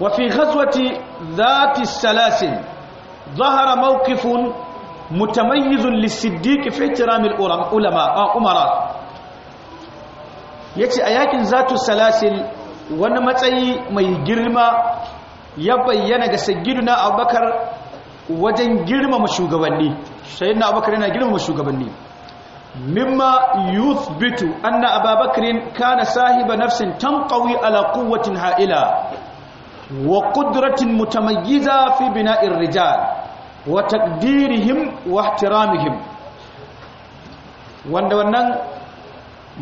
wa fi ghazwati dhati salasin ظهر موقف متميز للصديق في ulama a umara yace a yakin zatu salasil wani matsayi mai girma ya bayyana ga sayyiduna abubakar wajen girmama shugabanni sayyiduna abubakar yana girmama shugabanni mimma yuthbitu anna ababakar kana sahiba nafsin tanqawi ala quwwatin ha'ila wa qudratin mutamayyiza fi bina'ir rijal wa taqdirihim wa ihtiramihim wanda wannan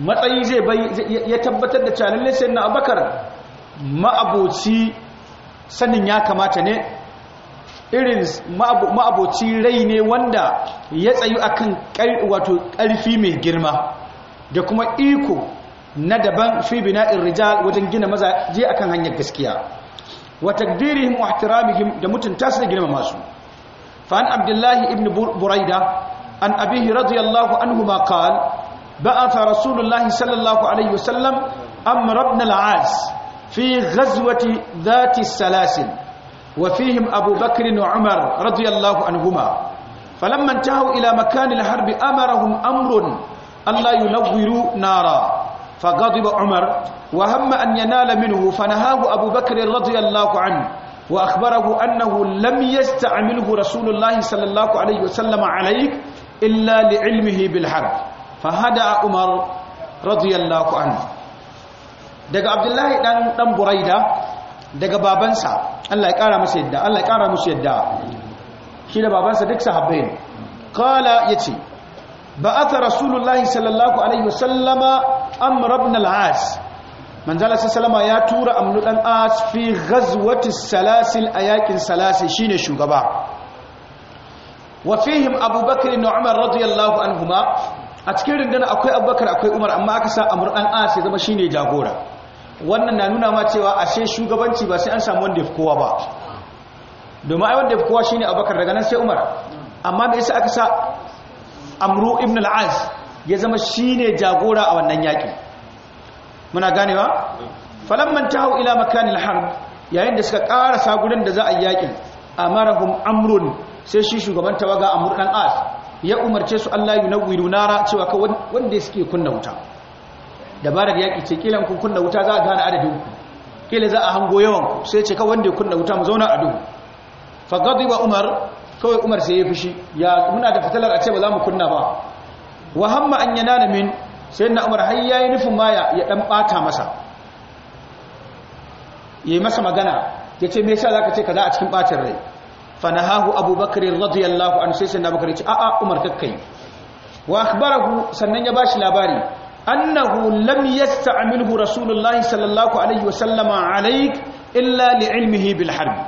matsayi zai ya tabbatar da cewa lalle na abubakar ma'aboci sanin ya kamata ne irin ma'aboci rai ne wanda ya tsayu akan wato ƙarfi mai girma da kuma iko na daban fi bina'in rijal wajen gina mazaje akan hanyar gaskiya wa takdirihim wa ihtiramihim da mutunta su da girma masu. fa an abdullahi ibn buraida an abihi radiyallahu anhu ma qala ba'atha rasulullahi sallallahu alaihi wasallam amr ibn al-as في غزوة ذات السلاسل وفيهم أبو بكر وعمر رضي الله عنهما فلما انتهوا إلى مكان الحرب أمرهم أمر أن لا ينوروا نارا فغضب عمر وهم أن ينال منه فنهاه أبو بكر رضي الله عنه وأخبره أنه لم يستعمله رسول الله صلى الله عليه وسلم عليك إلا لعلمه بالحرب فهدأ عمر رضي الله عنه daga abdullahi dan dan buraida daga babansa Allah ya kara masa yadda Allah ya kara musu yadda shi da babansa duk sahabbai ne qala yace ba'atha rasulullahi sallallahu alaihi wasallama amr ibn al-as manzala sallama ya tura amnu dan as fi ghazwati salasil ayakin salasi shine shugaba wa fihim abubakar ibn umar radiyallahu anhuma a cikin rundunar akwai abubakar akwai umar amma aka sa amr dan a'as ya zama shine jagora wannan na nuna ma cewa ashe shugabanci ba sai an samu wanda ya fi kowa ba domin ai wanda ya fi kowa shine abubakar daga nan sai umar amma me yasa aka sa amru ibn al-az ya zama shine jagora a wannan yaki muna ganewa falamman tahu ila al harb yayin da suka karasa gurin da za a yakin amarahum amrun sai shi shugaban tawaga amr dan as ya umarce su Allah yunawwiru nara cewa ka wanda suke kunna wuta dabarar yaƙi ce kilan kun kunna wuta za a gane adadin ku Ƙila za a hango yawan ku sai ce ka wanda ya kunna wuta mu zauna a duhu fa ba umar kawai umar sai ya fushi ya muna da fitalar a ce ba za mu kunna ba wa hamma an yanana min Sai na umar har yi nufin maya, ya dan bata masa yi masa magana ya ce me yasa za ka ce kaza a cikin ɓacin rai fanahahu abubakar radiyallahu an sai sai ya ce a'a umar kakkai wa akhbarahu sannan ya bashi labari annahu lam yasta'milhu rasulullahi sallallahu alaihi wasallama alaik illa li'ilmihi bil harbi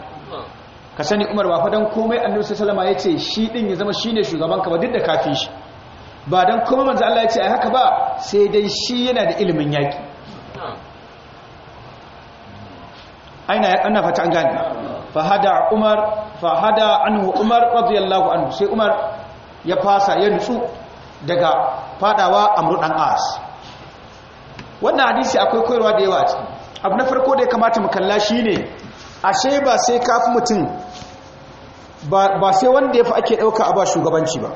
ka sani umar ba fadan komai annabi sallallahu alaihi yace shi din ya zama shine shugaban ka ba duk da kafi shi ba dan komai manzo Allah yace ai haka ba sai dai shi yana da ilimin yaki aina ana fata an gane fa hada umar fa hada anhu umar sai umar ya fasa ya nutsu daga fadawa a dan as wannan hadisi akwai koyarwa da yawa a abu na farko da ya kamata mu kalla shine ashe ba sai kafi mutum ba sai wanda ya fi ake ɗauka a ba shugabanci ba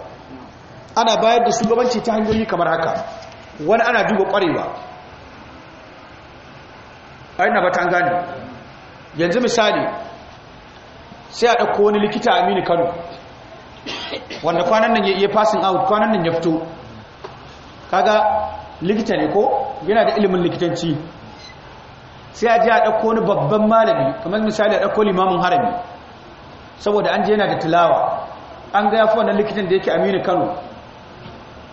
ana bayar da shugabanci ta hanyoyi kamar haka wani ana duba ƙwarewa aina ba ta gane yanzu misali sai a ɗauko wani likita aminu kano wanda kwanan nan ya fasin out kwanan nan ya fito kaga likita ne ko yana da ilimin likitanci sai a ji a ɗauko wani babban malami kamar misali a ɗauko limamin harami saboda an je yana da tilawa an ga yafi wannan likitan da yake aminu kano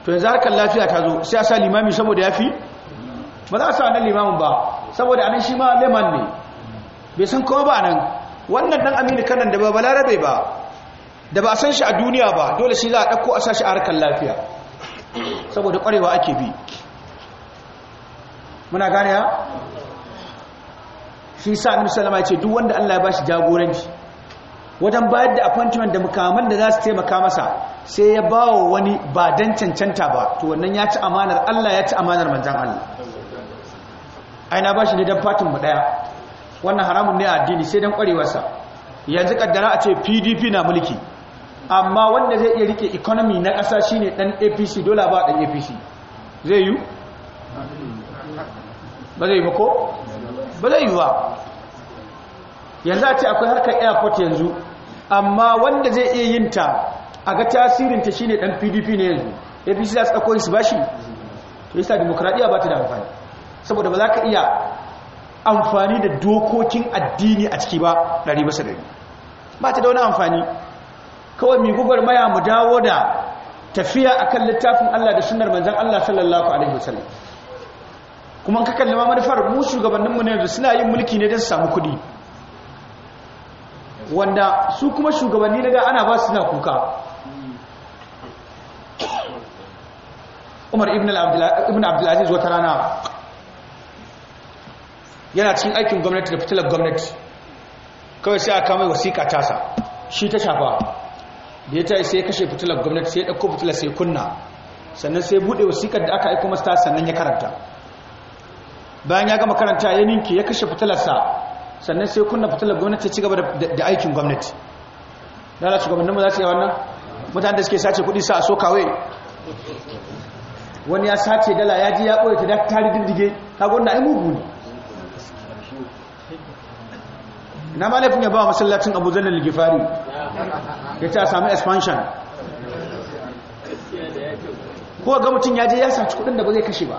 to yanzu harkar lafiya ta zo sai a sa limami saboda ya fi ba za a sa wannan limamin ba saboda anan shi ma leman ne bai san kowa ba nan wannan dan aminu kanan da ba balarabe ba da ba a san shi a duniya ba dole shi za a ɗauko a sa shi a harkar lafiya saboda ƙwarewa ake bi muna gane ya shi sa annabi sallama ya ce duk wanda Allah ya bashi jagoranci wajen bayar da appointment da mukamman da za su taimaka masa sai ya ba wa wani ba dan cancanta ba to wannan ya ci amanar Allah ya ci amanar manzan Allah aina ba shi ne dan fatin mu daya wannan haramun ne a addini sai dan kwarewarsa yanzu kaddara a ce PDP na mulki amma wanda zai iya rike economy na ƙasa shine dan APC dola ba dan APC zai yi ba zai ba ko ba zai ba. yanzu a ce akwai harkar airport yanzu amma wanda zai iya yin ta a ga tasirinta shi ne dan pdp ne yanzu apc za su ɗauko su ba shi to sa demokradiyya ba ta da amfani saboda ba za ka iya amfani da dokokin addini a ciki ba ɗari ba sadari ba ta da wani amfani kawai mai gugwar maya mu dawo da tafiya akan littafin allah da sunar manzan allah sallallahu alaihi wasallam kuma ka kalli ma manufar mu shugabanninmu na yanzu suna yin mulki ne don samu kuɗi wanda su kuma shugabanni daga ana ba suna kuka umar ibn abdulaziz wata rana yana cikin aikin gwamnati da fitilar gwamnati kawai sai aka mai wasiƙa tasa shi ta shafa da ya ta sai kashe fitilar gwamnati sai ya ɗauko fitilar sai kunna sannan sai buɗe wasiƙar da aka aiko tasa sannan ya karanta bayan ya gama karanta ya ninki ya kashe fitilarsa sannan sai kunna fitilar gwamnati ci gaba da aikin gwamnati dala mu za su yi wannan mutane da suke sace kudi sa a so kawai wani ya sace dala ya ji ya ɓoye ta da tari dindige ta gwamna ai mugu ne na ma laifin ya ba masallacin abu zanen ligifari ya ce a sami expansion ko ga mutum ya je ya sace kudin da ba zai kashe ba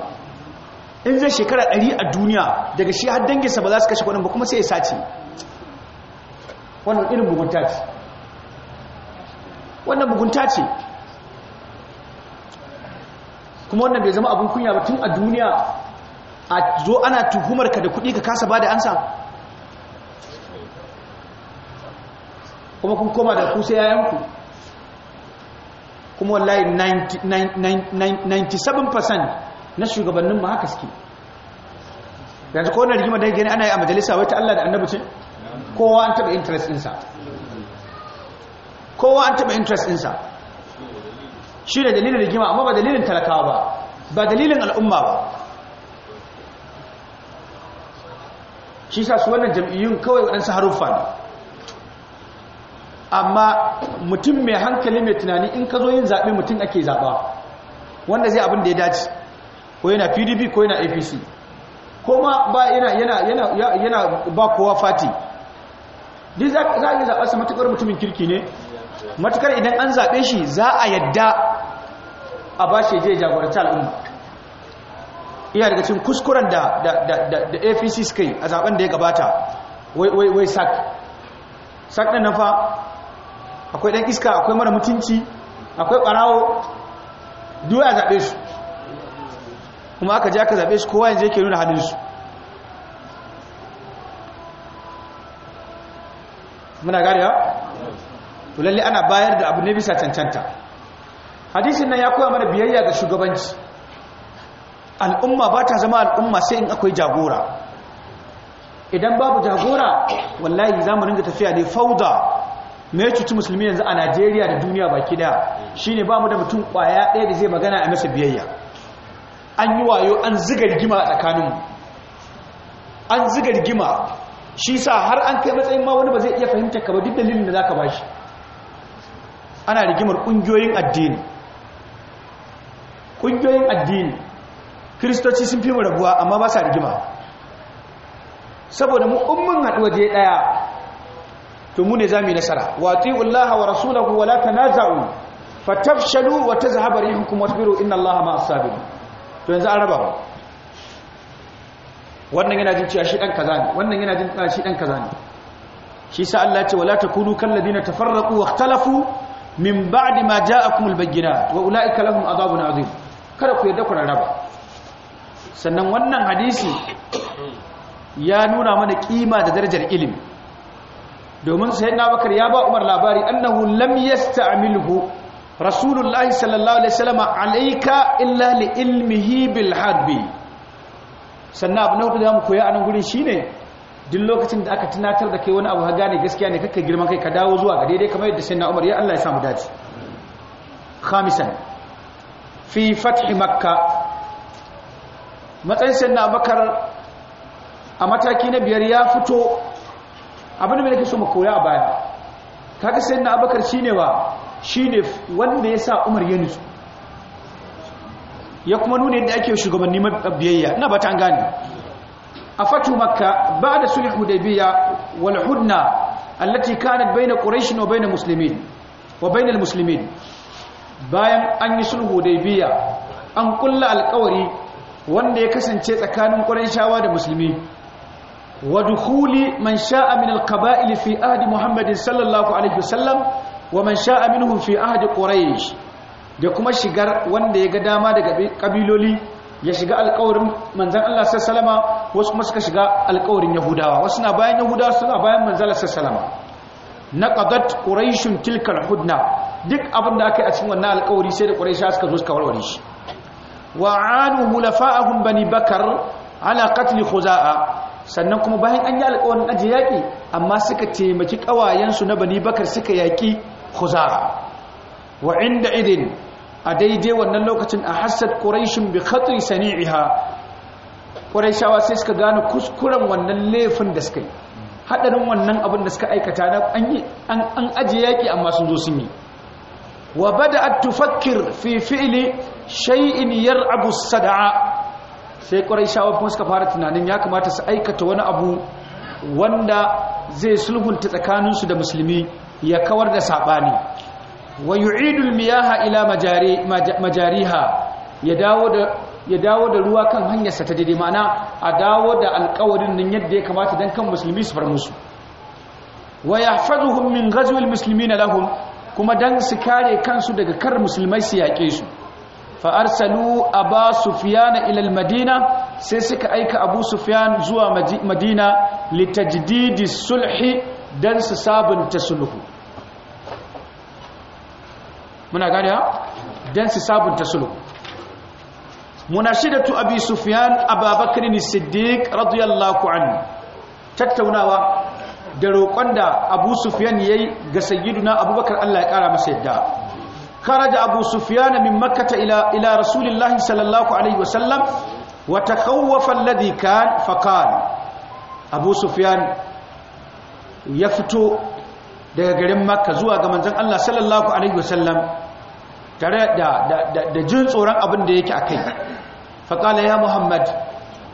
in zai shekara ɗari a duniya daga shi har danginsa ba za su kashe kwanan ba kuma sai ya sace wannan irin bugunta ce wannan bugunta ce kuma wannan bai zama abin kunya ba tun a duniya a zo ana tuhumar ka da kuɗi ka kasa ba da ansa kuma kun koma da kusa yayanku kuma wallahi 97% na shugabannin mu haka suke yanzu ko na rigima da gani ana yi a majalisa wai ta Allah da annabi ce kowa an taba interest ɗinsa kowa an taba interest ɗinsa shi ne dalilin rigima amma ba dalilin talakawa ba ba dalilin al'umma ba shi sa su wannan jam'iyyun kawai waɗansu haruffa ne amma mutum mai hankali mai tunani in ka zo yin zaɓe mutum ake zaɓa wanda zai abin da ya dace ko yana pdp ko yana apc ko ma ba yana yana yana yana ba kowa fati din za a yi zaɓa su matuƙar mutumin kirki ne matuƙar idan an zaɓe shi za a yadda a ba shi je jagoranta al'umma iya daga cikin kuskuren da apc suka yi a zaɓen da ya gabata wai sak sak ɗan nafa akwai ɗan iska akwai mara mutunci akwai ɓarawo duk a zaɓe su kuma aka je aka zaɓe shi kowa yanzu ke nuna hannunsu muna gari ya? to ana bayar da abu ne bisa cancanta hadisin nan ya koya mana biyayya ga shugabanci al'umma ba ta zama al'umma sai in akwai jagora idan babu jagora wallahi za mu ringa tafiya ne fauda mai cuci musulmi yanzu a najeriya da duniya baki daya shine ba mu da mutum kwaya daya da zai magana a masa biyayya an yi wayo an ziga rigima tsakaninmu an ziga rigima shi sa har an kai matsayin ma wani ba zai iya fahimta ka ba duk dalilin da za ka ba shi ana rigimar ƙungiyoyin addini ƙungiyoyin addini kiristoci sun fi mu rabuwa amma ba sa rigima saboda mu haɗu waje ɗaya to mu ne za mu yi nasara wati ullaha wa rasulahu wa la tanaza'u fatafshalu wa tazhabu rihukum wasbiru inna allaha ma'as sabirin to yanzu an raba ba wannan yana jin cewa shi dan kaza ne wannan yana jin cewa shi dan kaza ne shi sa Allah ya ce wala takunu kal ladina tafarraqu wa ikhtalafu min ba'di ma ja'akumul bayyinat wa ulaika lahum adhabun azim kada ku yadda ku raba sannan wannan hadisi ya nuna mana kima da darajar ilimi domin sayyidina Bakar ya ba Umar labari annahu lam yasta'milhu rasulullahi sallallahu alaihi wasallam alayka illa li ilmihi bil harbi sannan abu na hudu da mu koya a nan gurin shine duk lokacin da aka tunatar da kai wani abu haga ne gaskiya ne kake girman kai ka dawo zuwa ga daidai kamar yadda sayyidina Umar ya Allah ya samu dace khamisan fi fathi makka matsayin sayyidina Abakar a mataki na biyar ya fito abin da muke so mu koya a baya kaga sayyidina abakar shine ba shine wanda ya sa umar ya nutsu ya kuma nuna yadda ake shugabanni mabiyayya na ba ta gane a fatu makka ba da sulhu da wal hudna allati kanat bayna quraish wa bayna muslimin wa bayna al muslimin bayan an yi da hudaybiya an kulla alƙawari wanda ya kasance tsakanin quraishawa da musulmi wa dukhuli man sha'a min al qaba'il fi ahdi muhammadin sallallahu alaihi wasallam wa man sha'a minhum fi ahdi quraish da kuma shigar wanda ya ga dama daga kabiloli ya shiga alƙawarin manzan Allah sallama wasu kuma suka shiga alƙawarin yahudawa wasu na bayan yahudawa suna bayan manzan Allah sallama naqadat quraishun tilka alhudna duk abin da aka yi a cikin wannan alƙawari sai da quraisha suka zo suka warware shi wa anu mulafa'ahum bani bakar ala qatl khuza'a sannan kuma bayan an yi alƙawarin aje yaki amma suka taimaki ƙawayensu na bani bakar suka yaƙi khuzara wa inda idin a daidai wannan lokacin a hassad quraishin bi khatri sani'iha quraishawa sai suka gane kuskuren wannan laifin da suka yi haɗarin wannan abin da suka aikata na an ajiye yaƙi yaki amma sun zo sun yi wa bada'at tufakkir fi fi'ili shay'in yar abu sada'a sai quraishawa kuma suka fara tunanin ya kamata su aikata wani abu wanda zai sulhunta tsakaninsu da musulmi ya kawar da saɓani. wa yu'idul miyaha ila majari majariha ya dawo da ya dawo da ruwa kan hanyarsa ta daidai ma'ana a dawo da alƙawarin nan yadda ya kamata dan kan musulmi su far musu wa yahfazuhum min ghazwil lahum kuma dan su kare kansu daga kar musulmai su yake su fa arsalu aba sufyan ila al-madina sai suka aika abu sufyan zuwa madina litajdidi sulhi don su sabunta sulhu muna gane ha don su sabunta sulhu munashidatu abi sufyan ababakar siddiq radiyallahu anhu tattaunawa da roƙon da abu sufyan yayi ga sayyiduna abubakar Allah ya ƙara masa yadda karaja abu sufyan min makkah ila ila rasulillahi sallallahu alaihi wasallam wa takhawwafa alladhi kan fa abu sufyan ya fito daga garin makka zuwa ga manzan Allah sallallahu alaihi wasallam tare da jin tsoron abin da yake akai faqala ya muhammad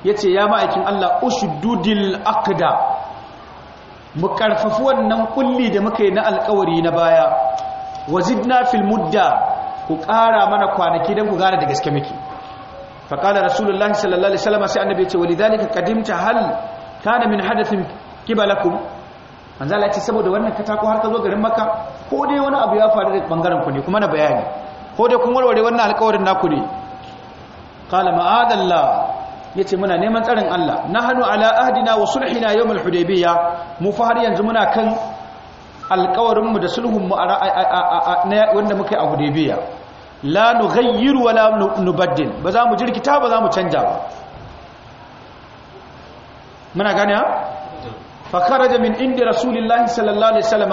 yace ya ma'aikin Allah ushuddudil aqda mu karfafu wannan kulli da muka yi na alkawari na baya wazidna fil mudda ku ƙara mana kwanaki don ku gane da gaske muke faƙala rasulullahi sallallahu alaihi wasallam sai annabi ya ce walidhalika qadimta hal kana min hadathin kibalakum manzo ya ce saboda wannan katako har ka zo garin maka ko dai wani abu ya faru da bangaren ku ne kuma na bayani ko dai kun warware wannan alƙawarin naku ne qala ma'adallah yace muna neman tsarin Allah na nahnu ala ahdina wa sulhina yawm al-hudaybiyya mu fa har yanzu muna kan alƙawarin mu da sulhun mu wanda muka yi a hudaybiyya la nughayyiru wa la nubaddil ba za mu jirkita ba za mu canja ba muna gane fa kharaja min indi rasulillahi sallallahu alaihi wasallam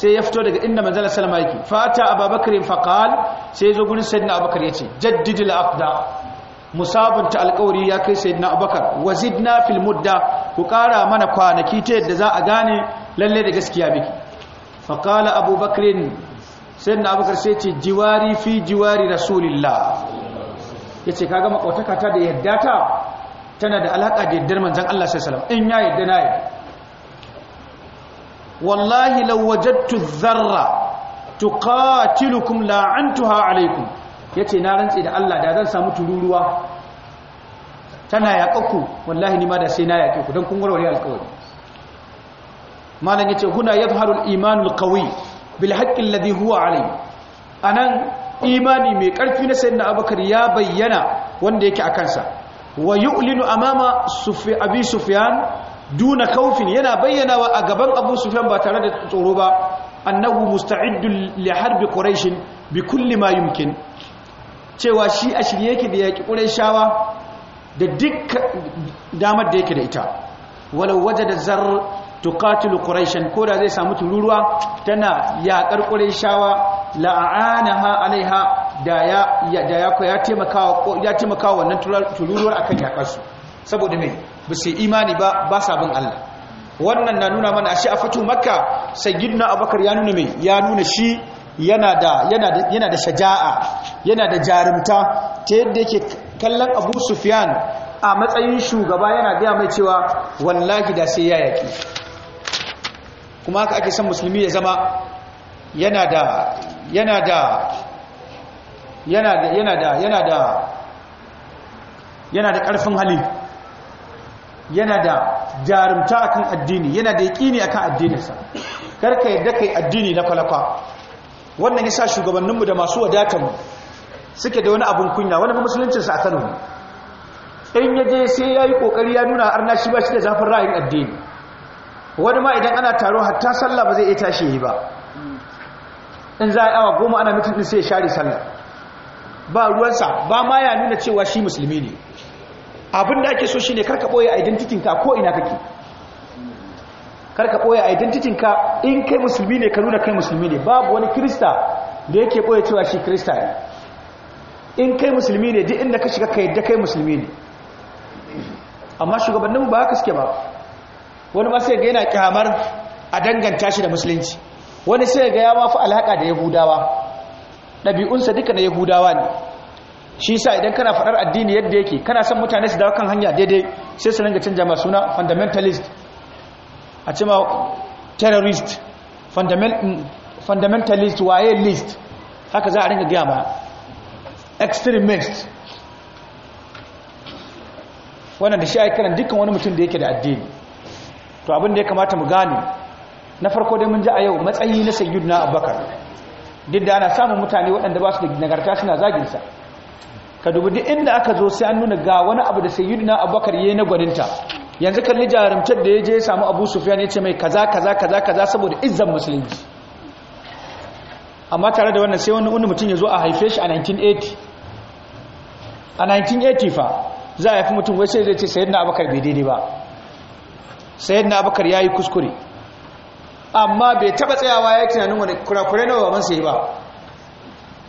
sai ya fito daga inda manzon sallama yake fata abubakar fa qal sai zo gurin sayyidina abubakar yace jaddidil aqda musabunta alƙawari ya kai sayyidina abubakar wazidna fil mudda ku ƙara mana kwanaki ta yadda za a gane lalle da gaskiya miki fa qala abubakar sayyidina abubakar sai ce jiwari fi jiwari rasulillah yace kaga makwataka ta da yadda ta tana da alaka da yaddar manzon Allah sallallahu alaihi wasallam in ya yadda na yadda wallahi law wajadtu dharra tuqatilukum la'antuha alaykum yace na rantsi da Allah da zan samu tururuwa tana yaƙaku wallahi ni ma da sai na yaƙe ku don kun warware alƙawari malam yace huna yadhharu al-iman al-qawi bil haqqi alladhi huwa alayhi anan imani mai ƙarfi na sayyidina abubakar ya bayyana wanda yake a kansa wa yu'linu amama sufi abi sufyan duna kaufin yana bayyana wa a gaban abu sufyan ba tare da tsoro ba annahu musta'iddun li harbi quraish bi kulli ma yumkin cewa shi a shirye yake da yaki quraishawa da duk damar da yake da ita walau wajada zar tuqatilu quraish ko da zai samu tururuwa tana yaƙar qurayshawa la'anaha alaiha da ya da ya taimakawa ya taimaka wannan tururuwar akan yaƙarsu saboda me ba su imani ba ba sa bin Allah wannan na nuna mana shi a fito makka sai gidna abubakar ya nuna mai ya nuna shi yana da yana da yana da shaja'a yana da jarumta ta yadda yake kallon Abu Sufyan a matsayin shugaba yana gaya mai cewa wallahi da sai ya yaki kuma haka ake son musulmi ya zama yana da yana da yana da yana da yana da yana da ƙarfin hali yana da jarumta akan addini yana da yaƙini akan addininsa karka yadda kai addini na kwalakwa wannan ya sa shugabanninmu da masu wadatan suke da wani abin kunya wani musuluncinsa a kano in ya je sai ya yi ƙoƙari ya nuna arna shi ba shi da zafin ra'ayin addini wani ma idan ana taro hatta sallah ba zai iya tashi yi ba in za a yi awa goma ana mutum sai ya share sallah ba ruwansa ba ma ya nuna cewa shi musulmi ne abin da ake so shi ne karka boye identitinka ko ina kake karka ɓoye identitinka in kai musulmi ne ka nuna kai musulmi ne babu wani krista da yake ɓoye cewa shi krista ne in kai musulmi ne duk inda ka shiga ka yadda kai musulmi ne amma shugabannin ba haka suke ba wani ma sai yana kyamar a danganta shi da musulunci wani sai ga ya mafi alhaka da yahudawa ɗabi'unsa duka na yahudawa ne shi sa idan kana faɗar addini yadda yake kana son mutane su dawo kan hanya daidai sai su ringa canja masu suna fundamentalist a ce ma terrorist fundamentalist waye list haka za a ringa gaya ma extremist wannan da shi ai kiran dukkan wani mutum da yake da addini to abin da ya kamata mu gane na farko dai mun ji a yau matsayi na na abubakar duk da ana samun mutane waɗanda ba su da nagarta suna zaginsa ka dubi duk inda aka zo sai an nuna ga wani abu da sayyidina abubakar yayi na gwaninta yanzu kalli jarumtar da ya je ya samu abu sufyan ya ce mai kaza kaza kaza kaza saboda izzan musulunci amma tare da wannan sai wani mutum ya zo a haife shi a 1980 a 1980 fa za a haifi mutum wai sai zai ce sayyidina abubakar bai daidai ba sayyidina abubakar ya yi kuskure amma bai taba tsayawa ya yi tunanin wani kurakurai nawa ba man sai ba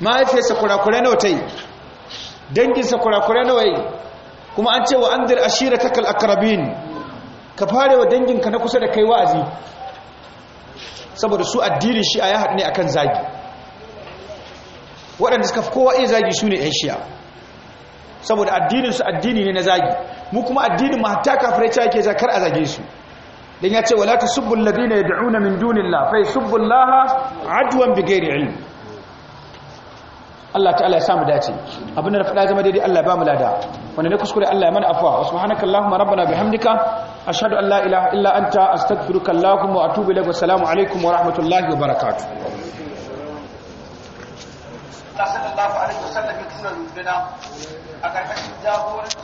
mahaifiyarsa kurakurai nawa ta yi danginsa kurakurai nawa wai kuma an ce wa an dir ashira kakal akrabin ka fare wa danginka na kusa da kai wa'azi saboda su addinin shi'a ya haɗu ne akan zagi waɗanda suka fi kowa iya zagi su ne 'yan shi'a saboda addinin su addini ne na zagi mu kuma addinin mahatta kafirai ta yake zakar a zage su don ya ce wala ta subbul ladina yad'una min dunillah fa yasubbu allaha adwan bighairi ilm Allah ta'ala ya samu dace abin da faɗa zama daidai Allah ba mu lada wanda ne kuskure Allah ya mana afuwa wasu subhanaka allahumma rabbana bihamdika ashhadu an la ilaha illa anta astaghfiruka allahumma wa atubu ilaik wa assalamu alaikum wa rahmatullahi wa barakatuh